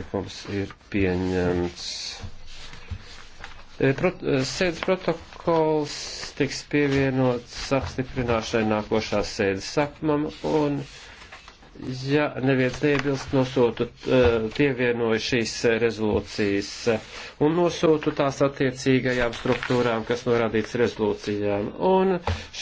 priekšlikums ir pieņemts. E, prot, e, sēdes protokols tiks pievienots apstiprināšanai nākošās sēdes sakmam un, ja neviens neiebilst, nosūtu e, pievienoju šīs rezolūcijas un nosūtu tās attiecīgajām struktūrām, kas norādīts rezolūcijām. Un šī